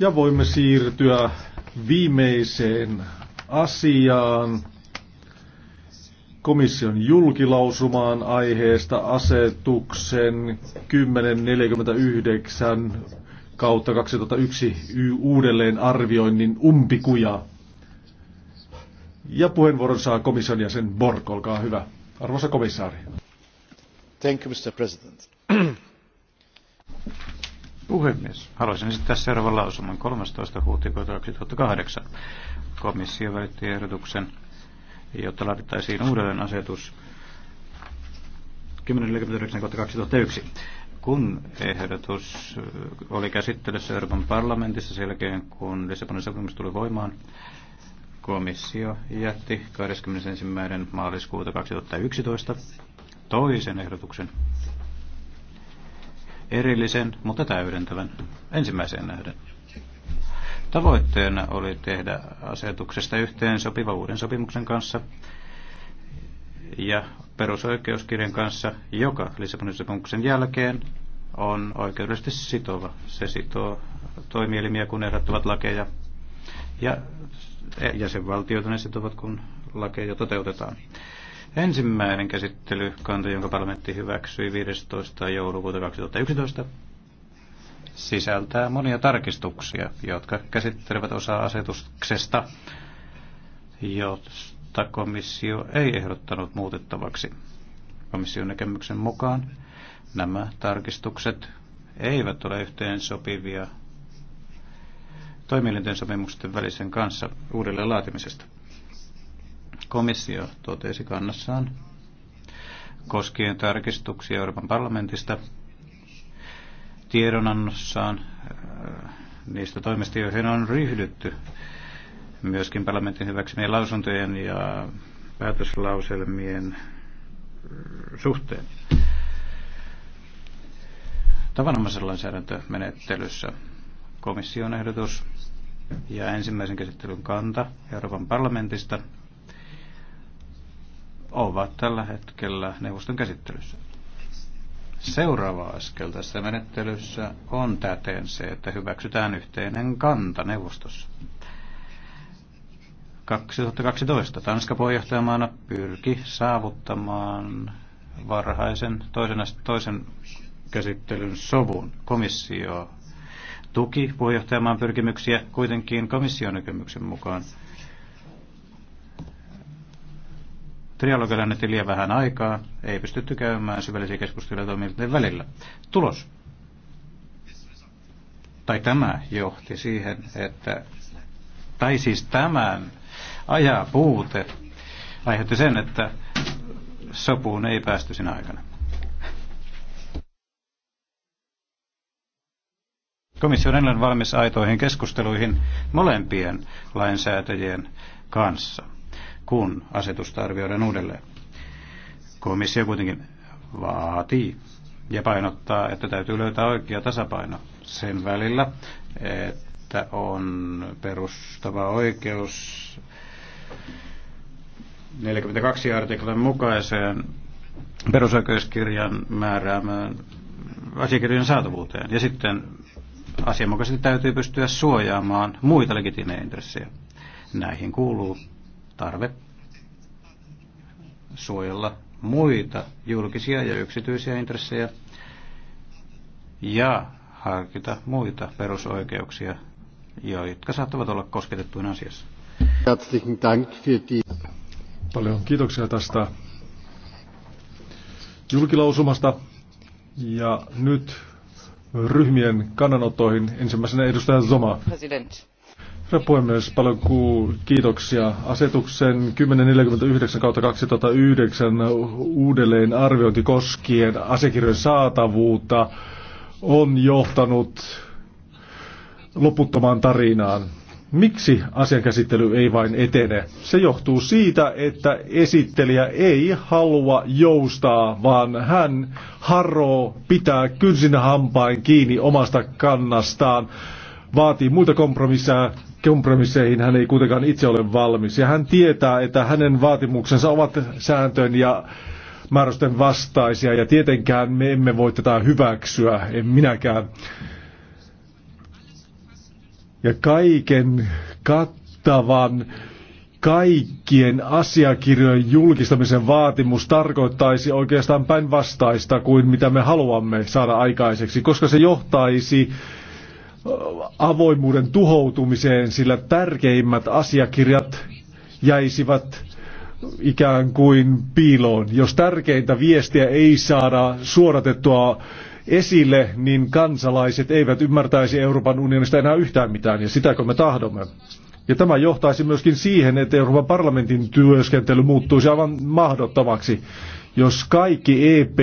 Ja voimme siirtyä viimeiseen asiaan, komission julkilausumaan aiheesta asetuksen 1049 kautta 2001 uudelleen arvioinnin umpikuja. Ja puheenvuoron saa komission jäsen Borg, olkaa hyvä. Arvoisa komissaari. Thank you, Mr. President. Puhemies, haluaisin esittää seuraavan lausuman 13. huhtikuuta 2008. Komissio välitti ehdotuksen, jotta laadittaisiin uudelleen asetus 10.49.2001. Kun ehdotus äh, oli käsittelyssä Euroopan parlamentissa sen jälkeen, kun Lissabonin sopimus tuli voimaan, komissio jätti 21. maaliskuuta 2011 toisen ehdotuksen erillisen, mutta täydentävän ensimmäiseen nähden. Tavoitteena oli tehdä asetuksesta yhteen sopiva uuden sopimuksen kanssa ja perusoikeuskirjan kanssa, joka Lissabonin sopimuksen jälkeen on oikeudellisesti sitova. Se sitoo toimielimiä, kun ehdottavat lakeja ja jäsenvaltioita ne sitovat, kun lakeja toteutetaan. Ensimmäinen kanta, jonka parlamentti hyväksyi 15. joulukuuta 2011, sisältää monia tarkistuksia, jotka käsittelevät osaa asetuksesta, josta komissio ei ehdottanut muutettavaksi. Komission näkemyksen mukaan nämä tarkistukset eivät ole yhteen sopivia toimielinten sopimusten välisen kanssa uudelleen laatimisesta komissio totesi kannassaan koskien tarkistuksia Euroopan parlamentista tiedonannossaan äh, niistä toimista, joihin on ryhdytty myöskin parlamentin hyväksymien lausuntojen ja päätöslauselmien äh, suhteen. Tavanomaisessa lainsäädäntömenettelyssä komission ehdotus ja ensimmäisen käsittelyn kanta Euroopan parlamentista ovat tällä hetkellä neuvoston käsittelyssä. Seuraava askel tässä menettelyssä on täten se, että hyväksytään yhteinen kanta neuvostossa. 2012 Tanska puheenjohtajamaana pyrki saavuttamaan varhaisen toisen, toisen käsittelyn sovun. Komissio tuki puheenjohtajamaan pyrkimyksiä kuitenkin komission näkemyksen mukaan Trialogilla annettiin liian vähän aikaa, ei pystytty käymään syvällisiä keskusteluja toimijoiden välillä. Tulos. Tai tämä johti siihen, että, tai siis tämän ajaa puute aiheutti sen, että sopuun ei päästy sinä aikana. Komissio on valmis aitoihin keskusteluihin molempien lainsäätäjien kanssa kun asetusta arvioidaan uudelleen. Komissio kuitenkin vaatii ja painottaa, että täytyy löytää oikea tasapaino sen välillä, että on perustava oikeus 42 artiklan mukaiseen perusoikeuskirjan määräämään asiakirjan saatavuuteen. Ja sitten asianmukaisesti täytyy pystyä suojaamaan muita legitiimejä intressejä. Näihin kuuluu tarve suojella muita julkisia ja yksityisiä intressejä ja harkita muita perusoikeuksia, jotka saattavat olla kosketettuina asiassa. Paljon kiitoksia tästä julkilausumasta. Ja nyt ryhmien kannanottoihin. Ensimmäisenä edustaja Zoma. President. Herra puhemies, paljon kiitoksia. Asetuksen 1049 kautta 2009 uudelleen arviointi koskien asiakirjojen saatavuutta on johtanut loputtomaan tarinaan. Miksi asian käsittely ei vain etene? Se johtuu siitä, että esittelijä ei halua joustaa, vaan hän harroo pitää kynsin hampain kiinni omasta kannastaan, vaatii muita kompromisseja kompromisseihin hän ei kuitenkaan itse ole valmis. Ja hän tietää, että hänen vaatimuksensa ovat sääntöön ja määräysten vastaisia, ja tietenkään me emme voi tätä hyväksyä, en minäkään. Ja kaiken kattavan kaikkien asiakirjojen julkistamisen vaatimus tarkoittaisi oikeastaan päinvastaista kuin mitä me haluamme saada aikaiseksi, koska se johtaisi avoimuuden tuhoutumiseen, sillä tärkeimmät asiakirjat jäisivät ikään kuin piiloon. Jos tärkeintä viestiä ei saada suoratettua esille, niin kansalaiset eivät ymmärtäisi Euroopan unionista enää yhtään mitään, ja sitäkö me tahdomme. Ja tämä johtaisi myöskin siihen, että Euroopan parlamentin työskentely muuttuisi aivan mahdottomaksi. Jos kaikki EP,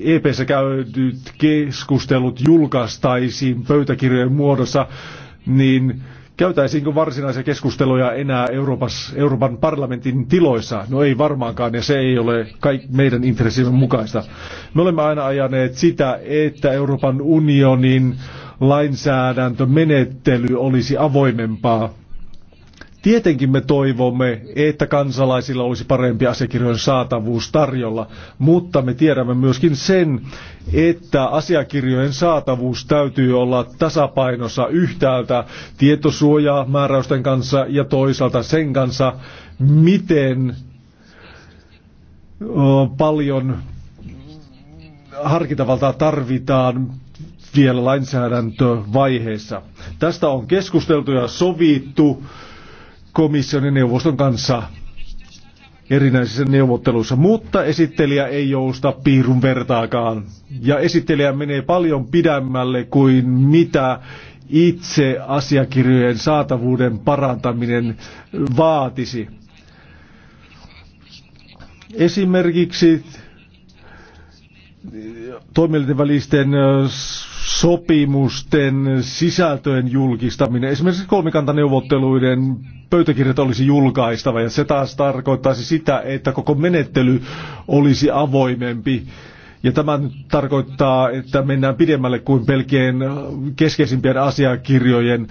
EPssä käydyt keskustelut julkaistaisiin pöytäkirjojen muodossa, niin käytäisiinkö varsinaisia keskusteluja enää Euroopas, Euroopan parlamentin tiloissa? No ei varmaankaan, ja se ei ole kaik, meidän intressimme mukaista. Me olemme aina ajaneet sitä, että Euroopan unionin lainsäädäntömenettely olisi avoimempaa Tietenkin me toivomme, että kansalaisilla olisi parempi asiakirjojen saatavuus tarjolla, mutta me tiedämme myöskin sen, että asiakirjojen saatavuus täytyy olla tasapainossa yhtäältä tietosuojaa määräysten kanssa ja toisaalta sen kanssa, miten paljon harkintavaltaa tarvitaan vielä lainsäädäntövaiheessa. Tästä on keskusteltu ja sovittu komission ja neuvoston kanssa erinäisissä neuvotteluissa, mutta esittelijä ei jousta piirun vertaakaan. Ja esittelijä menee paljon pidemmälle kuin mitä itse asiakirjojen saatavuuden parantaminen vaatisi. Esimerkiksi toimielinten välisten sopimusten sisältöjen julkistaminen, esimerkiksi kolmikantaneuvotteluiden pöytäkirjat olisi julkaistava ja se taas tarkoittaisi sitä, että koko menettely olisi avoimempi. Ja tämä nyt tarkoittaa, että mennään pidemmälle kuin pelkien keskeisimpien asiakirjojen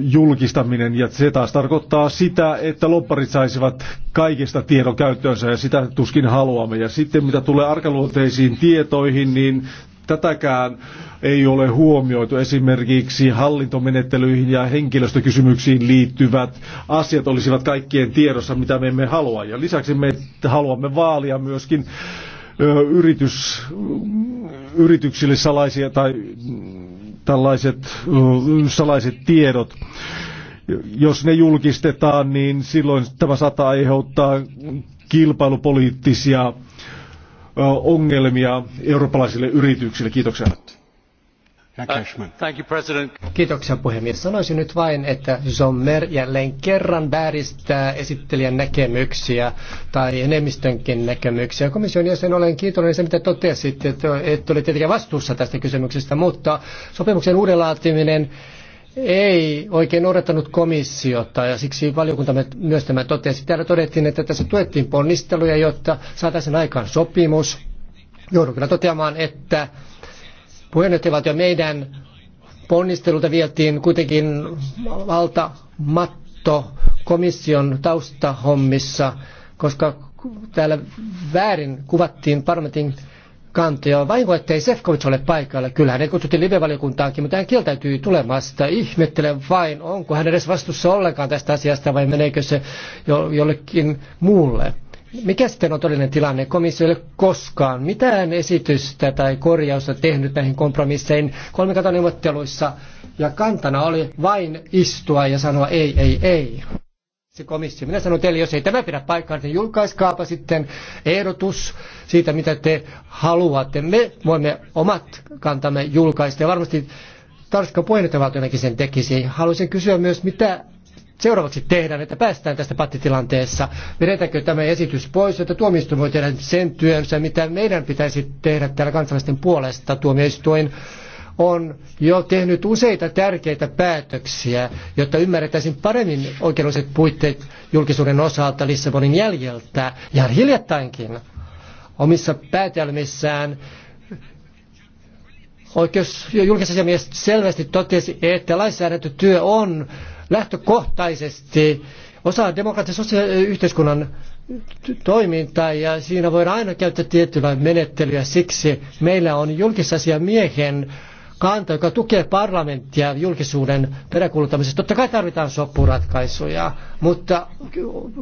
julkistaminen. Ja se taas tarkoittaa sitä, että lopparit saisivat kaikista tiedon käyttöönsä ja sitä tuskin haluamme. Ja sitten mitä tulee arkaluonteisiin tietoihin, niin Tätäkään ei ole huomioitu. Esimerkiksi hallintomenettelyihin ja henkilöstökysymyksiin liittyvät asiat olisivat kaikkien tiedossa, mitä me emme halua. Ja lisäksi me haluamme vaalia myöskin yritys, mm, yrityksille salaisia tai mm, tällaiset salaiset tiedot. Jos ne julkistetaan, niin silloin tämä saattaa aiheuttaa kilpailupoliittisia ongelmia eurooppalaisille yrityksille. Kiitoksia. Uh, Kiitoksia puhemies. Sanoisin nyt vain, että Sommer jälleen kerran vääristää esittelijän näkemyksiä tai enemmistönkin näkemyksiä. Komission jäsen olen kiitollinen se, mitä totesitte, että et ole tietenkin vastuussa tästä kysymyksestä, mutta sopimuksen uudenlaatiminen ei oikein noudattanut komissiota ja siksi valiokunta myös tämä totesi. Täällä todettiin, että tässä tuettiin ponnisteluja, jotta saataisiin aikaan sopimus. Joudun kyllä toteamaan, että puheenjohtajavaltio meidän ponnistelulta vietiin kuitenkin valta matto komission taustahommissa, koska täällä väärin kuvattiin parlamentin kantoja. Vahinko, ettei Sefcovic ole paikalla. Kyllä hänet kutsuttiin live-valiokuntaankin, mutta hän kieltäytyi tulemasta. Ihmettelen vain, onko hän edes vastuussa ollenkaan tästä asiasta vai meneekö se jo, jollekin muulle. Mikä sitten on todellinen tilanne? Komissio ei ole koskaan mitään esitystä tai korjausta tehnyt näihin kompromisseihin kolmikantaneuvotteluissa ja kantana oli vain istua ja sanoa ei, ei, ei komissio. Minä sanon teille, jos ei tämä pidä paikkaa, niin julkaiskaapa sitten ehdotus siitä, mitä te haluatte. Me voimme omat kantamme julkaista ja varmasti Tanska puheenjohtajavaltionakin sen tekisi. Haluaisin kysyä myös, mitä seuraavaksi tehdään, että päästään tästä pattitilanteessa. Vedetäänkö tämä esitys pois, että tuomioistuin voi tehdä sen työnsä, mitä meidän pitäisi tehdä täällä kansalaisten puolesta. Tuomioistuin on jo tehnyt useita tärkeitä päätöksiä, jotta ymmärrettäisiin paremmin oikeudelliset puitteet julkisuuden osalta Lissabonin jäljeltä, ihan hiljattainkin omissa päätelmissään. Oikeus- ja julkisasiamies selvästi totesi, että lainsäädäntötyö on lähtökohtaisesti osa demokraattisen yhteiskunnan toimintaa ja siinä voidaan aina käyttää tiettyä menettelyä. Siksi meillä on julkisasiamiehen kanta, joka tukee parlamenttia julkisuuden peräkulutamisessa. Totta kai tarvitaan soppuratkaisuja, mutta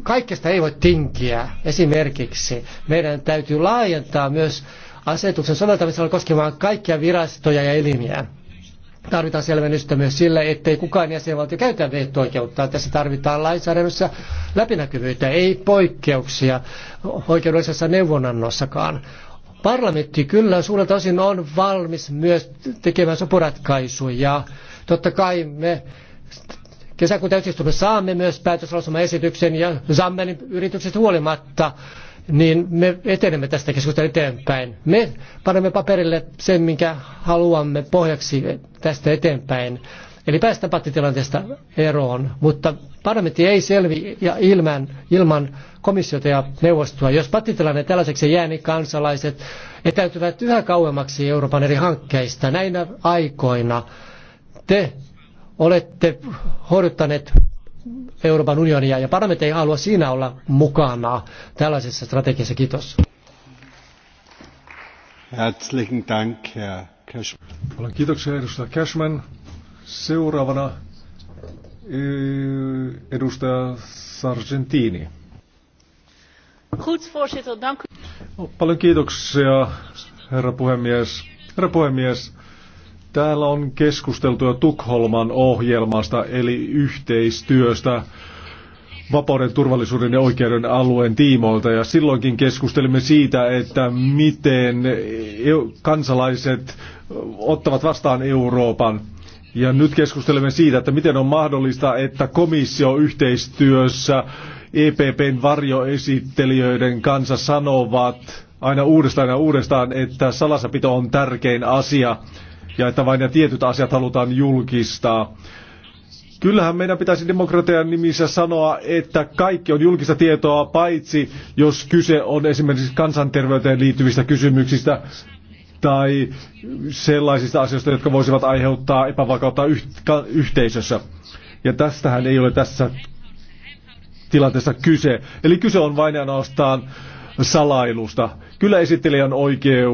kaikesta ei voi tinkiä. Esimerkiksi meidän täytyy laajentaa myös asetuksen soveltamisella koskemaan kaikkia virastoja ja elimiä. Tarvitaan selvennystä myös sille, ettei kukaan jäsenvaltio käytä veto-oikeutta. Tässä tarvitaan lainsäädännössä läpinäkyvyyttä, ei poikkeuksia oikeudellisessa neuvonannossakaan. Parlamentti kyllä suurelta osin on valmis myös tekemään sopuratkaisuja. Totta kai me kesäkuun täysistunnossa saamme myös päätöslausumaesityksen ja Zammenin yrityksestä huolimatta niin me etenemme tästä keskustelusta eteenpäin. Me panemme paperille sen, minkä haluamme pohjaksi tästä eteenpäin. Eli päästään pattitilanteesta eroon, mutta parlamentti ei selvi ja ilman, ilman komissiota ja neuvostoa. Jos pattitilanne tällaiseksi jää, niin kansalaiset etäytyvät yhä kauemmaksi Euroopan eri hankkeista. Näinä aikoina te olette horjuttaneet Euroopan unionia ja parlamentti ei halua siinä olla mukana tällaisessa strategiassa. Kiitos. Herzlichen Dank, Herr Cashman. Olen kiitoksia edustaja Cashman. Seuraavana edustaja Sargentini. Goed, voorzitter, dank u. No, paljon kiitoksia, herra puhemies. Herra puhemies, täällä on keskusteltu jo Tukholman ohjelmasta, eli yhteistyöstä vapauden, turvallisuuden ja oikeuden alueen tiimoilta. Ja silloinkin keskustelimme siitä, että miten e, kansalaiset ottavat vastaan Euroopan. Ja nyt keskustelemme siitä, että miten on mahdollista, että komissio yhteistyössä EPPn varjoesittelijöiden kanssa sanovat aina uudestaan ja uudestaan, että salasapito on tärkein asia ja että vain ne tietyt asiat halutaan julkistaa. Kyllähän meidän pitäisi demokratian nimissä sanoa, että kaikki on julkista tietoa, paitsi jos kyse on esimerkiksi kansanterveyteen liittyvistä kysymyksistä tai sellaisista asioista, jotka voisivat aiheuttaa epävakautta yhteisössä. Ja tästähän ei ole tässä tilanteessa kyse. Eli kyse on vain ainoastaan salailusta. Kyllä esittelijä on oikeu,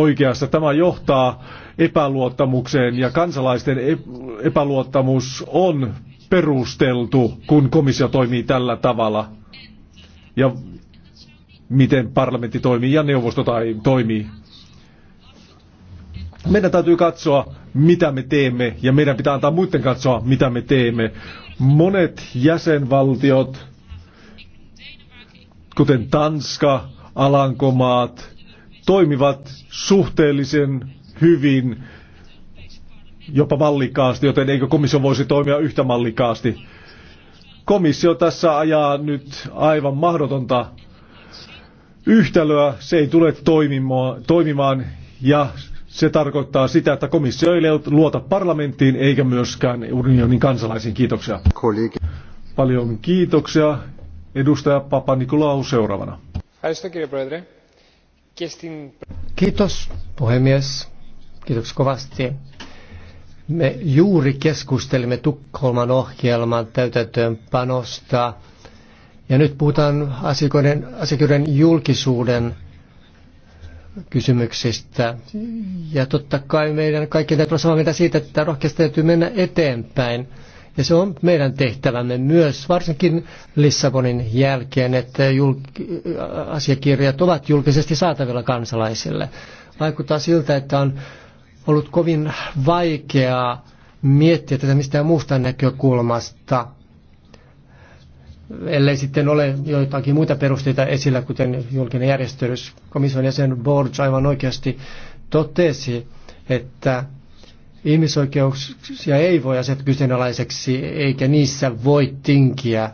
oikeassa. Tämä johtaa epäluottamukseen ja kansalaisten e-, epäluottamus on perusteltu, kun komissio toimii tällä tavalla. Ja miten parlamentti toimii ja neuvosto tai toimii. Meidän täytyy katsoa, mitä me teemme, ja meidän pitää antaa muiden katsoa, mitä me teemme. Monet jäsenvaltiot, kuten Tanska, Alankomaat, toimivat suhteellisen hyvin, jopa mallikaasti, joten eikö komissio voisi toimia yhtä mallikaasti? Komissio tässä ajaa nyt aivan mahdotonta yhtälöä, se ei tule toimimaan, toimimaan ja se tarkoittaa sitä, että komissio ei luota parlamenttiin eikä myöskään unionin kansalaisiin. Kiitoksia. Kollegi. Paljon kiitoksia. Edustaja Papa Nikolaou seuraavana. Kiitos puhemies. Kiitoksia kovasti. Me juuri keskustelimme Tukholman ohjelman täytäntöönpanosta ja nyt puhutaan asioiden julkisuuden kysymyksistä. Ja totta kai meidän kaikkien täytyy olla samaa mieltä siitä, että rohkeasti täytyy mennä eteenpäin. Ja se on meidän tehtävämme myös, varsinkin Lissabonin jälkeen, että julk- asiakirjat ovat julkisesti saatavilla kansalaisille. Vaikuttaa siltä, että on ollut kovin vaikeaa miettiä tätä mistään muusta näkökulmasta – ellei sitten ole joitakin muita perusteita esillä, kuten julkinen järjestelys. Komission jäsen Borg aivan oikeasti totesi, että ihmisoikeuksia ei voi asettaa kyseenalaiseksi, eikä niissä voi tinkiä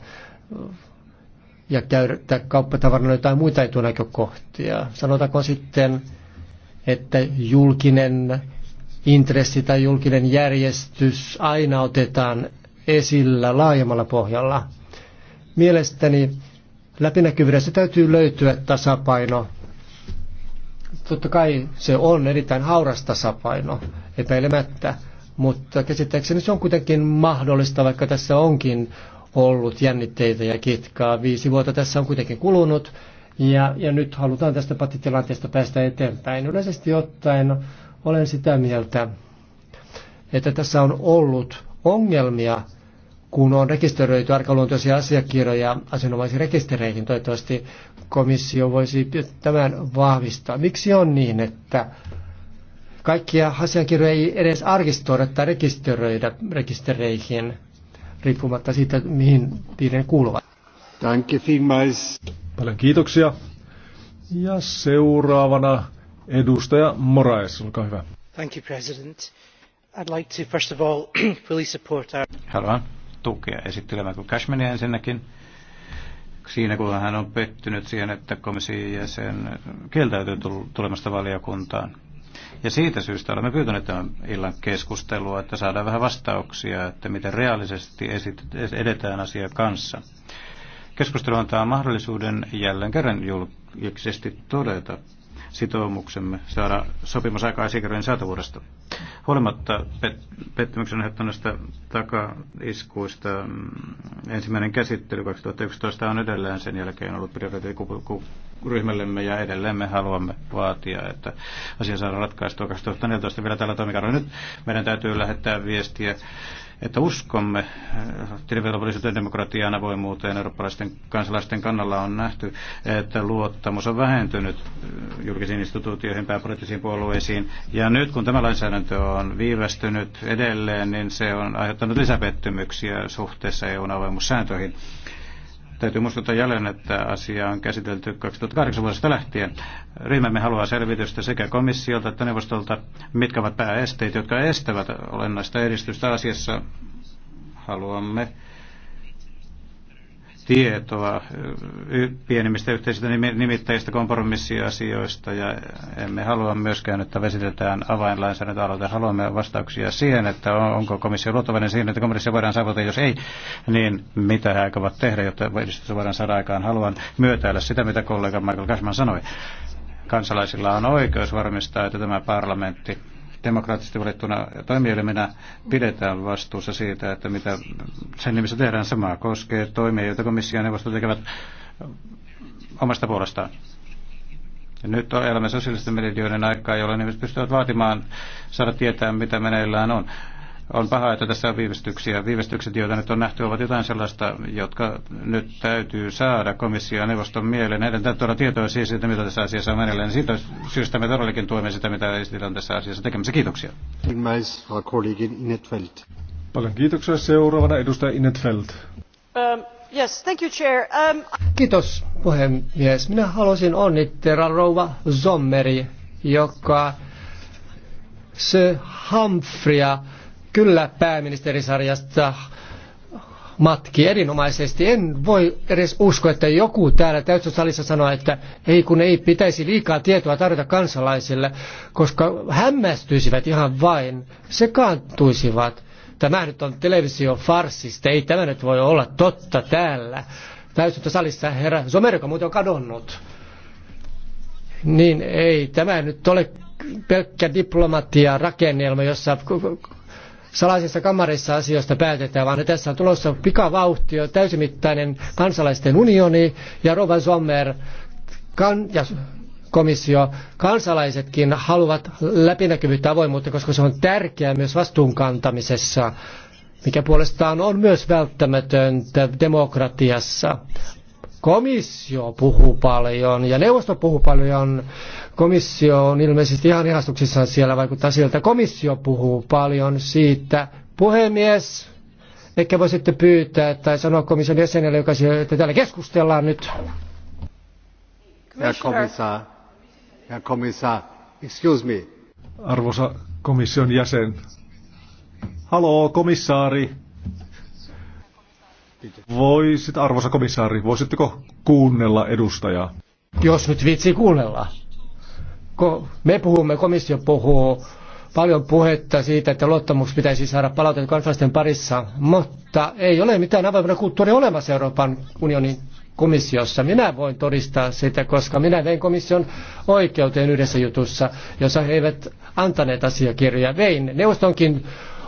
ja käyttää kauppatavarana jotain muita etunäkökohtia. Sanotaanko sitten, että julkinen intressi tai julkinen järjestys aina otetaan esillä laajemmalla pohjalla. Mielestäni läpinäkyvyydessä täytyy löytyä tasapaino. Totta kai se on erittäin hauras tasapaino, epäilemättä, mutta käsittääkseni se on kuitenkin mahdollista, vaikka tässä onkin ollut jännitteitä ja kitkaa. Viisi vuotta tässä on kuitenkin kulunut ja, ja nyt halutaan tästä patitilanteesta päästä eteenpäin. Yleisesti ottaen olen sitä mieltä, että tässä on ollut ongelmia kun on rekisteröity arkaluontoisia asiakirjoja asianomaisiin rekistereihin. Toivottavasti komissio voisi tämän vahvistaa. Miksi on niin, että kaikkia asiakirjoja ei edes arkistoida tai rekisteröidä rekistereihin, riippumatta siitä, mihin piirin kuuluvat? Danke vielmals. Paljon kiitoksia. Ja seuraavana edustaja Moraes, olkaa hyvä. Thank you, President. I'd like to first of all fully support our... Haluan tukea esittelemään kuin Cashmania ensinnäkin. Siinä kun hän on pettynyt siihen, että komission jäsen kieltäytyy tulemasta valiokuntaan. Ja siitä syystä olemme pyytäneet tämän illan keskustelua, että saadaan vähän vastauksia, että miten reaalisesti edetään asia kanssa. Keskustelu antaa mahdollisuuden jälleen kerran julkisesti todeta, sitoumuksemme saada sopimus aikaa asiakirjojen saatavuudesta. Huolimatta pet- pettymyksen aiheuttaneista takaiskuista mm, ensimmäinen käsittely 2011 on edelleen sen jälkeen ollut prioriteettikuryhmällemme ja edelleen me haluamme vaatia, että asia saadaan ratkaistua 2014 vielä tällä toimikaudella. Nyt meidän täytyy lähettää viestiä että uskomme äh, tilivelvollisuuteen, demokratiaan, avoimuuteen eurooppalaisten kansalaisten kannalla on nähty, että luottamus on vähentynyt äh, julkisiin instituutioihin, pääpoliittisiin puolueisiin. Ja nyt kun tämä lainsäädäntö on viivästynyt edelleen, niin se on aiheuttanut lisäpettymyksiä suhteessa eu avoimuussääntöihin. Täytyy muistuttaa jälleen, että asia on käsitelty 2008 vuodesta lähtien. Ryhmämme haluaa selvitystä sekä komissiolta että neuvostolta, mitkä ovat pääesteet, jotka estävät olennaista edistystä asiassa. Haluamme tietoa pienimmistä yhteisistä nimittäjistä kompromissiasioista ja emme halua myöskään, että vesitetään avainlainsäädäntöaloite. Haluamme vastauksia siihen, että onko komissio luottavainen siihen, että komissio voidaan saavuttaa, jos ei, niin mitä he aikovat tehdä, jotta edistys voidaan saada aikaan. Haluan myötäillä sitä, mitä kollega Michael Cashman sanoi. Kansalaisilla on oikeus varmistaa, että tämä parlamentti demokraattisesti valittuna toimielimenä pidetään vastuussa siitä, että mitä sen nimissä tehdään samaa koskee toimia, joita komissio ja neuvosto tekevät omasta puolestaan. Ja nyt on elämme sosiaalisten medioiden aikaa, jolloin ihmiset pystyvät vaatimaan, saada tietää, mitä meneillään on. On paha, että tässä on viivästyksiä. Viivästykset, joita nyt on nähty, ovat jotain sellaista, jotka nyt täytyy saada komissio ja neuvoston mieleen. Heidän täytyy olla tietoa siis, että mitä tässä asiassa on meneillään. Siitä syystä me todellakin tuemme sitä, mitä esitetään tässä asiassa tekemässä. Kiitoksia. Paljon kiitoksia. Seuraavana edustaja Innetfeld. Um, yes, thank you, chair. Um... Kiitos puhemies. Minä haluaisin onnitella rouva Zommeri, joka se Humphreya kyllä pääministerisarjasta matki erinomaisesti. En voi edes uskoa, että joku täällä täytösalissa sanoa, että ei kun ei pitäisi liikaa tietoa tarjota kansalaisille, koska hämmästyisivät ihan vain, sekaantuisivat. Tämä nyt on televisiofarsista, ei tämä nyt voi olla totta täällä. salissa herra Somer, muuten on kadonnut. Niin ei, tämä nyt ole pelkkä diplomatia rakennelma, jossa salaisissa kamareissa asioista päätetään, vaan tässä on tulossa pikavauhtio, täysimittainen kansalaisten unioni ja Rova Sommer kan, ja komissio, kansalaisetkin haluavat läpinäkyvyyttä avoimuutta, koska se on tärkeää myös vastuunkantamisessa mikä puolestaan on myös välttämätöntä demokratiassa komissio puhuu paljon ja neuvosto puhuu paljon. Komissio on ilmeisesti ihan ihastuksissaan siellä, vaikuttaa siltä. Komissio puhuu paljon siitä. Puhemies, ehkä voisitte pyytää tai sanoa komission jäsenelle, joka siellä, että täällä keskustellaan nyt. Herr Kommissar, Herr Kommissar, excuse me. Arvoisa komission jäsen. Haloo, komissaari. Voisit, arvoisa komissaari, voisitteko kuunnella edustajaa? Jos nyt vitsi kuunnella. Ko, me puhumme, komissio puhuu paljon puhetta siitä, että luottamus pitäisi saada palautetta kansalaisten parissa, mutta ei ole mitään avoimen kulttuuria olemassa Euroopan unionin komissiossa. Minä voin todistaa sitä, koska minä vein komission oikeuteen yhdessä jutussa, jossa he eivät antaneet asiakirjoja. Vein neuvostonkin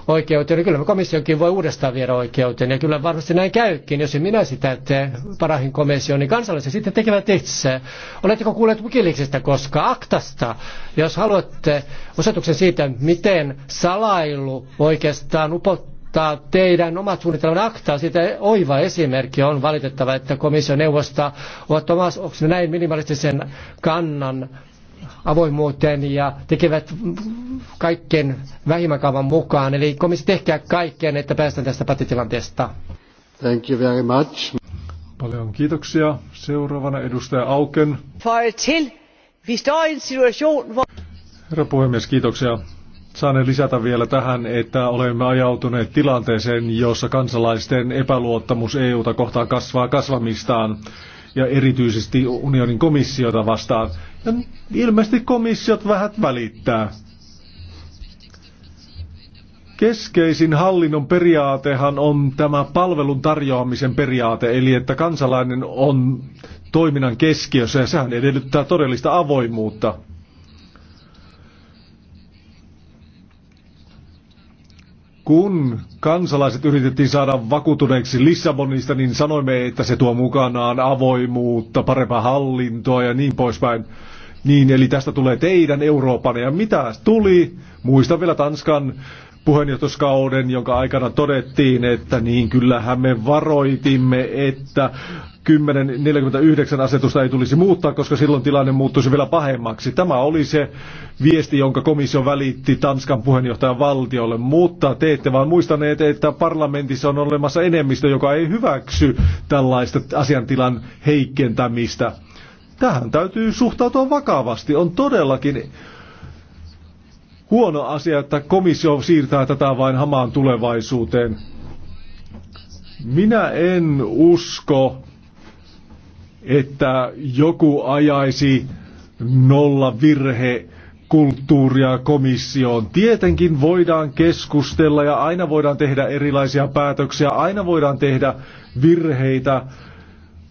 oikeuteen, niin kyllä komissiokin voi uudestaan viedä oikeuteen. Ja kyllä varmasti näin käykin, jos en minä sitä tee parahin komissioon, niin kansalaiset sitten tekevät itse. Oletteko kuulleet Wikileaksista koska aktasta, jos haluatte osoituksen siitä, miten salailu oikeastaan upottaa teidän omat suunnitelman aktaa, siitä oiva esimerkki on valitettava, että komissio neuvosta ovat omas, näin minimalistisen kannan avoimuuteen ja tekevät kaiken vähimmäkaavan mukaan. Eli komissio tehkää kaikkeen, että päästään tästä patitilanteesta. Thank you very much. Paljon kiitoksia. Seuraavana edustaja Auken. Herra puhemies, kiitoksia. Saan lisätä vielä tähän, että olemme ajautuneet tilanteeseen, jossa kansalaisten epäluottamus EUta kohtaan kasvaa kasvamistaan ja erityisesti unionin komissiota vastaan. Ja ilmeisesti komissiot vähät välittää. Keskeisin hallinnon periaatehan on tämä palvelun tarjoamisen periaate, eli että kansalainen on toiminnan keskiössä ja sehän edellyttää todellista avoimuutta. Kun kansalaiset yritettiin saada vakuutuneeksi Lissabonista, niin sanoimme, että se tuo mukanaan avoimuutta, parempaa hallintoa ja niin poispäin. Niin, eli tästä tulee teidän Euroopan. Ja mitä tuli? Muista vielä Tanskan puheenjohtoskauden, jonka aikana todettiin, että niin kyllähän me varoitimme, että 10.49 asetusta ei tulisi muuttaa, koska silloin tilanne muuttuisi vielä pahemmaksi. Tämä oli se viesti, jonka komissio välitti Tanskan puheenjohtajan valtiolle, mutta te ette vaan muistaneet, että parlamentissa on olemassa enemmistö, joka ei hyväksy tällaista asiantilan heikentämistä. Tähän täytyy suhtautua vakavasti. On todellakin huono asia, että komissio siirtää tätä vain hamaan tulevaisuuteen. Minä en usko, että joku ajaisi nolla virhe kulttuuria komissioon. Tietenkin voidaan keskustella ja aina voidaan tehdä erilaisia päätöksiä, aina voidaan tehdä virheitä,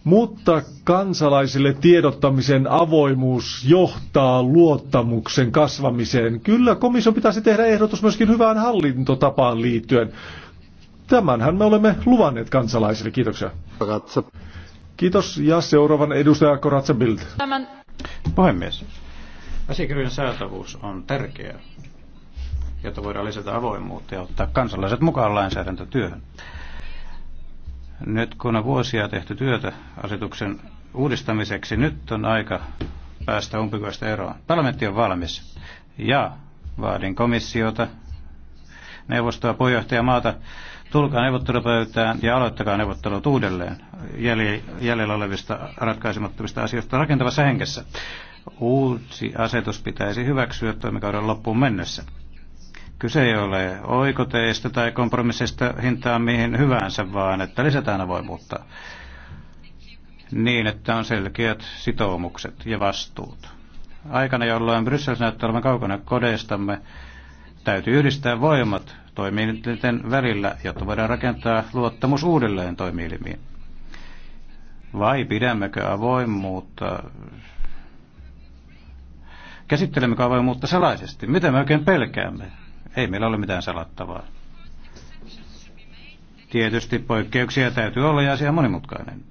mutta kansalaisille tiedottamisen avoimuus johtaa luottamuksen kasvamiseen. Kyllä komission pitäisi tehdä ehdotus myöskin hyvään hallintotapaan liittyen. Tämänhän me olemme luvanneet kansalaisille. Kiitoksia. Kiitos ja seuraavan edustaja Koratsa Bild. Tämän... Puhemies, asiakirjojen saatavuus on tärkeää, jotta voidaan lisätä avoimuutta ja ottaa kansalaiset mukaan lainsäädäntötyöhön. Nyt kun on vuosia tehty työtä asetuksen uudistamiseksi, nyt on aika päästä umpikoista eroon. Parlamentti on valmis. Ja vaadin komissiota, neuvostoa, maata, tulkaa neuvottelupöytään ja aloittakaa neuvottelut uudelleen jäljellä olevista ratkaisemattomista asioista rakentavassa hengessä. Uusi asetus pitäisi hyväksyä toimikauden loppuun mennessä. Kyse ei ole oikoteista tai kompromissista hintaan mihin hyvänsä, vaan että lisätään avoimuutta niin, että on selkeät sitoumukset ja vastuut. Aikana, jolloin Bryssel näyttää olevan kaukana kodeistamme, täytyy yhdistää voimat toimielinten välillä, jotta voidaan rakentaa luottamus uudelleen toimielimiin. Vai pidämmekö avoimuutta, käsittelemmekö avoimuutta salaisesti? Mitä me oikein pelkäämme? Ei meillä ole mitään salattavaa. Tietysti poikkeuksia täytyy olla ja asia monimutkainen.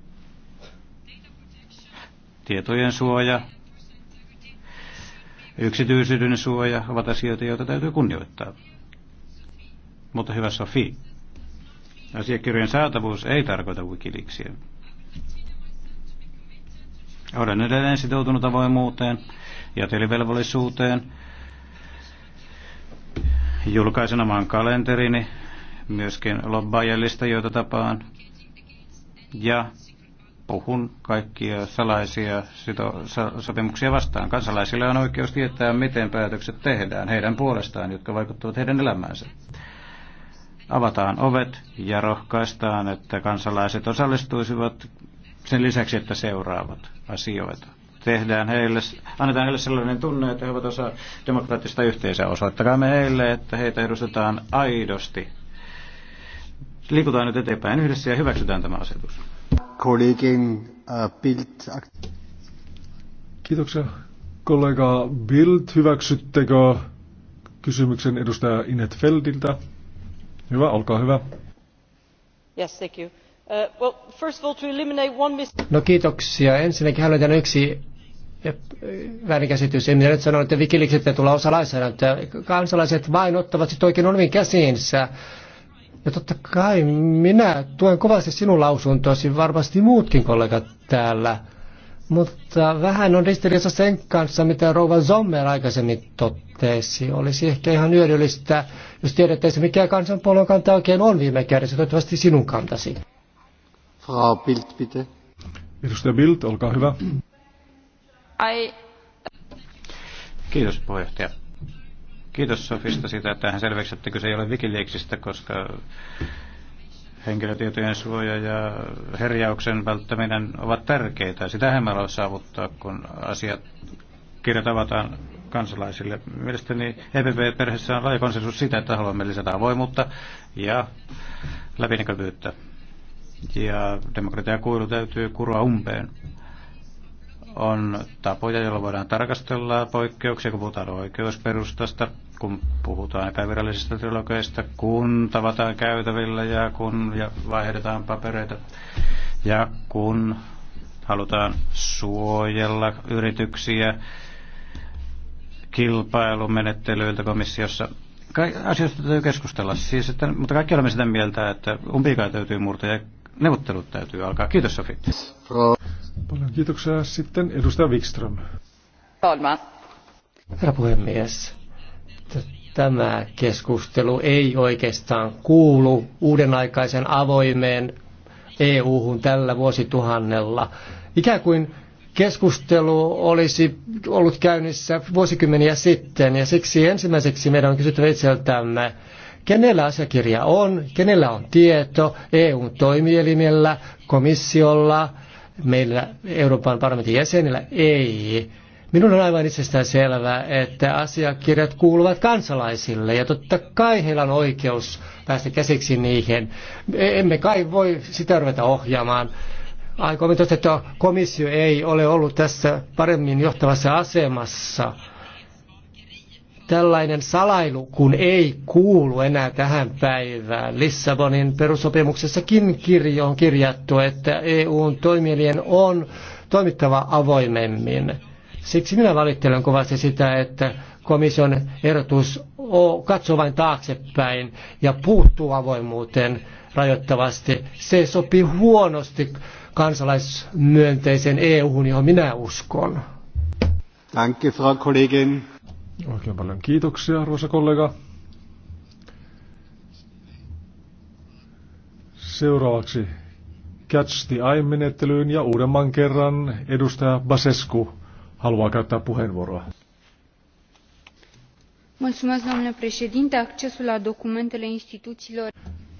Tietojen suoja, yksityisyyden suoja ovat asioita, joita täytyy kunnioittaa. Mutta hyvä Sofi, asiakirjojen saatavuus ei tarkoita Wikileaksia. Olen edelleen sitoutunut avoimuuteen ja tilivelvollisuuteen Julkaisen oman kalenterini, myöskin lobbaajallista, joita tapaan. Ja puhun kaikkia salaisia sito- so- sopimuksia vastaan. Kansalaisilla on oikeus tietää, miten päätökset tehdään heidän puolestaan, jotka vaikuttavat heidän elämäänsä. Avataan ovet ja rohkaistaan, että kansalaiset osallistuisivat sen lisäksi, että seuraavat asioita tehdään heille, annetaan heille sellainen tunne, että he ovat osa demokraattista yhteisöä. Osoittakaa me heille, että heitä edustetaan aidosti. Liikutaan nyt eteenpäin yhdessä ja hyväksytään tämä asetus. Äh, Bild. Kiitoksia. Kollega Bild, hyväksyttekö kysymyksen edustaja Inet Feldiltä? Hyvä, olkaa hyvä. Yes, thank you. Uh, no kiitoksia. Ensinnäkin haluan yksi eh, väärinkäsitys. En minä nyt sano, että Wikileaksista tulla osa lainsäädäntöä. Kansalaiset vain ottavat sitten oikein omiin käsiinsä. Ja totta kai minä tuen kovasti sinun lausuntosi, varmasti muutkin kollegat täällä. Mutta vähän on ristiriidassa sen kanssa, mitä Rouva Sommer aikaisemmin totesi. Olisi ehkä ihan hyödyllistä, jos tiedettäisiin, mikä kansanpuolueen kanta oikein on viime kädessä, toivottavasti sinun kantasi. Frau Bild, bitte. Edustaja Bild, olkaa hyvä. Kiitos puheenjohtaja. Kiitos Sofista siitä, että hän selväksi, että kyse ei ole Wikileaksista, koska henkilötietojen suoja ja herjauksen välttäminen ovat tärkeitä. Sitähän me ollaan saavuttaa, kun asiat kirjat avataan kansalaisille. Mielestäni EPP-perheessä on laaja konsensus sitä, että haluamme lisätä avoimuutta ja läpinäkyvyyttä ja demokratiakuilu täytyy kuroa umpeen. On tapoja, joilla voidaan tarkastella poikkeuksia, kun puhutaan oikeusperustasta, kun puhutaan epävirallisista trilogeista, kun tavataan käytävillä ja kun ja vaihdetaan papereita ja kun halutaan suojella yrityksiä kilpailumenettelyiltä komissiossa asioista täytyy keskustella. Siis, että, mutta kaikki olemme sitä mieltä, että umpikaa täytyy murtaa ja neuvottelut täytyy alkaa. Kiitos Sofi. Paljon kiitoksia sitten edustaja Wikström. Talman. Herra puhemies, tämä keskustelu ei oikeastaan kuulu uudenaikaisen avoimeen EU-hun tällä vuosituhannella. Ikään kuin keskustelu olisi ollut käynnissä vuosikymmeniä sitten ja siksi ensimmäiseksi meidän on kysyttävä itseltämme, kenellä asiakirja on, kenellä on tieto, EUn toimielimellä, komissiolla, meillä Euroopan parlamentin jäsenillä ei. Minun on aivan itsestään selvää, että asiakirjat kuuluvat kansalaisille ja totta kai heillä on oikeus päästä käsiksi niihin. Emme kai voi sitä ruveta ohjaamaan. Aikomme että komissio ei ole ollut tässä paremmin johtavassa asemassa. Tällainen salailu, kun ei kuulu enää tähän päivään. Lissabonin perusopimuksessakin kirjo on kirjattu, että EUn toimielien on toimittava avoimemmin. Siksi minä valittelen kovasti sitä, että komission ehdotus katsoo vain taaksepäin ja puuttuu avoimuuteen rajoittavasti. Se sopii huonosti kansalaismyönteisen EU-hun, johon minä uskon. Danke, Frau Kollegin. Oikein paljon kiitoksia, arvoisa kollega. Seuraavaksi Catch the Eye-menettelyyn ja uudemman kerran edustaja Basescu haluaa käyttää puheenvuoroa. Mulțumesc, domnule președinte. Accesul la documentele instituțiilor...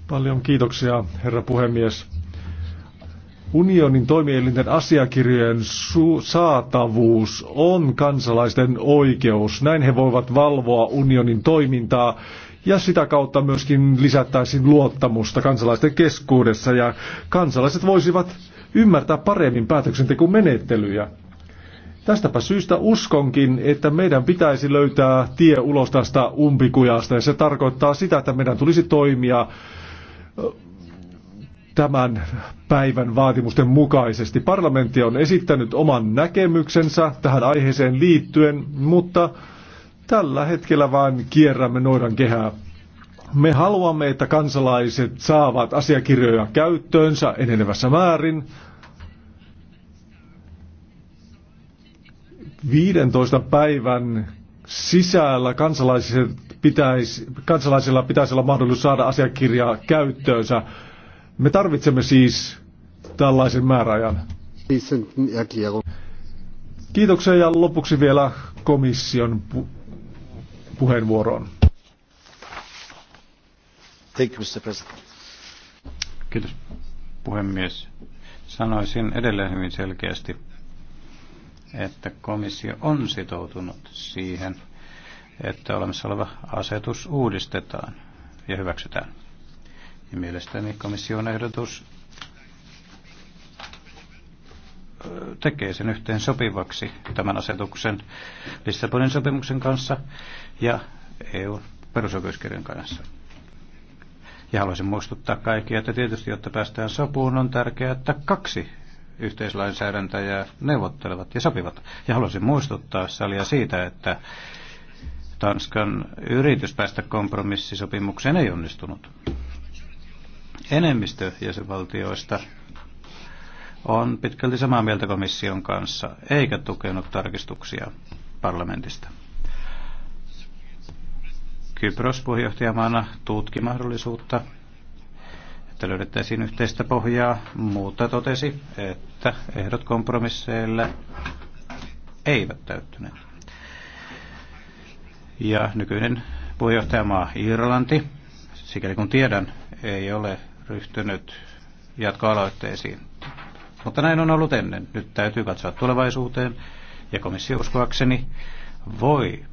Paljon kiitoksia, herra puhemies. Unionin toimielinten asiakirjojen saatavuus on kansalaisten oikeus. Näin he voivat valvoa unionin toimintaa ja sitä kautta myöskin lisättäisiin luottamusta kansalaisten keskuudessa ja kansalaiset voisivat ymmärtää paremmin päätöksentekomenettelyjä. Tästäpä syystä uskonkin, että meidän pitäisi löytää tie ulos tästä umpikujasta ja se tarkoittaa sitä, että meidän tulisi toimia tämän päivän vaatimusten mukaisesti. Parlamentti on esittänyt oman näkemyksensä tähän aiheeseen liittyen, mutta tällä hetkellä vain kierrämme noidan kehää. Me haluamme, että kansalaiset saavat asiakirjoja käyttöönsä enenevässä määrin. 15 päivän sisällä kansalaiset pitäisi, kansalaisilla pitäisi olla mahdollisuus saada asiakirjaa käyttöönsä me tarvitsemme siis tällaisen määräajan. Kiitoksia ja lopuksi vielä komission pu- puheenvuoroon. Thank you, Mr. Kiitos puhemies. Sanoisin edelleen hyvin selkeästi, että komissio on sitoutunut siihen, että olemassa oleva asetus uudistetaan ja hyväksytään. Ja mielestäni komission ehdotus tekee sen yhteen sopivaksi tämän asetuksen Lissabonin sopimuksen kanssa ja EUn perusoikeuskirjan kanssa. Ja haluaisin muistuttaa kaikkia, että tietysti, jotta päästään sopuun, on tärkeää, että kaksi yhteislainsäädäntäjää neuvottelevat ja sopivat. Ja haluaisin muistuttaa salia siitä, että Tanskan yritys päästä kompromissisopimukseen ei onnistunut. Enemmistö jäsenvaltioista on pitkälti samaa mieltä komission kanssa, eikä tukenut tarkistuksia parlamentista. Kypros puheenjohtajamaana tutki mahdollisuutta, että löydettäisiin yhteistä pohjaa, mutta totesi, että ehdot kompromisseille eivät täyttyneet. Ja nykyinen puheenjohtajamaa Irlanti, sikäli kun tiedän, ei ole ryhtynyt jatkoaloitteisiin. Mutta näin on ollut ennen. Nyt täytyy katsoa tulevaisuuteen ja komissio uskoakseni voi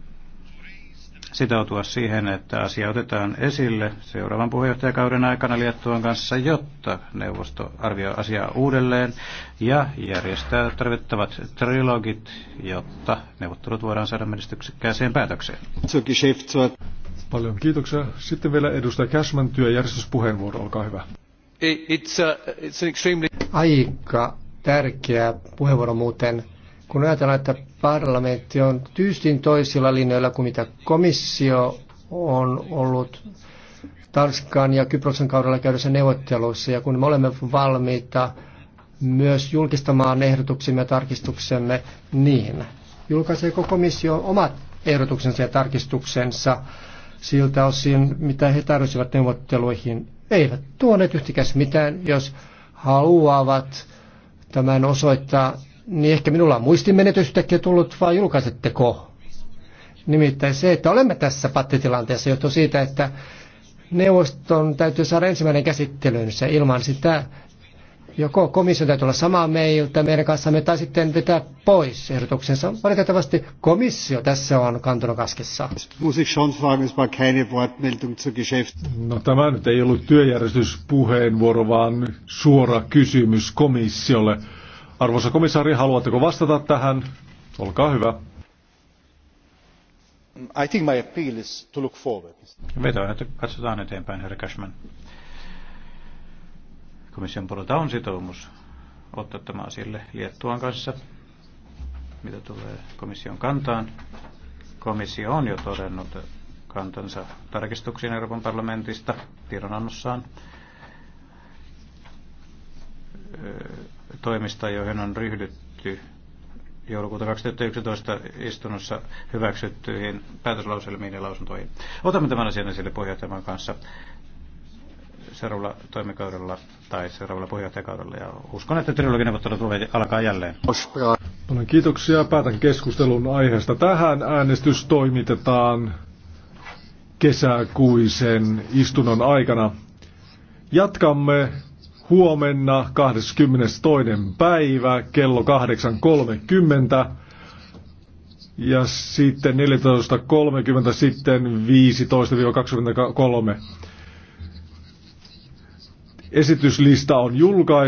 sitoutua siihen, että asia otetaan esille seuraavan puheenjohtajakauden aikana Liettuan kanssa, jotta neuvosto arvioi asiaa uudelleen ja järjestää tarvittavat trilogit, jotta neuvottelut voidaan saada menestyksekkääseen päätökseen. Paljon kiitoksia. Sitten vielä edustaja Cashman, työjärjestyspuheenvuoro, olkaa hyvä. It's a, uh, it's an extremely... Aika tärkeä puheenvuoro muuten, kun ajatellaan, että parlamentti on tyystin toisilla linjoilla kuin mitä komissio on ollut Tanskan ja Kyproksen kaudella käydessä neuvotteluissa, ja kun me olemme valmiita myös julkistamaan ehdotuksimme ja tarkistuksemme, niin julkaiseeko komissio omat ehdotuksensa ja tarkistuksensa siltä osin, mitä he tarvitsivat neuvotteluihin. Eivät tuoneet yhtikäs mitään, jos haluavat tämän osoittaa, niin ehkä minulla on muistimenetystäkin tullut, vai julkaisetteko? Nimittäin se, että olemme tässä pattitilanteessa, johtuu siitä, että neuvoston täytyy saada ensimmäinen käsittelynsä. Ilman sitä Joko komission täytyy olla samaa meiltä meidän kanssamme tai sitten vetää pois ehdotuksensa. Valitettavasti komissio tässä on kantunut kaskessa. No tämä nyt ei ollut työjärjestyspuheenvuoro, vaan suora kysymys komissiolle. Arvoisa komissaari, haluatteko vastata tähän? Olkaa hyvä. I think my appeal is to look forward. Vetoa, että katsotaan eteenpäin, herra Cashman. Komission puolelta on sitoumus ottaa tämä asialle Liettuan kanssa, mitä tulee komission kantaan. Komissio on jo todennut kantansa tarkistuksiin Euroopan parlamentista tiedonannossaan toimista, joihin on ryhdytty joulukuuta 2011 istunnossa hyväksyttyihin päätöslauselmiin ja lausuntoihin. Otamme tämän asian esille puheenjohtajan kanssa seuraavalla toimikaudella tai seuraavalla puheenjohtajakaudella. Ja uskon, että trilogineuvottelu tulee alkaa jälleen. Paljon kiitoksia. Päätän keskustelun aiheesta tähän. Äänestys toimitetaan kesäkuisen istunnon aikana. Jatkamme huomenna 22. päivä kello 8.30 ja sitten 14.30 sitten 15-23. Esityslista on julkaistu.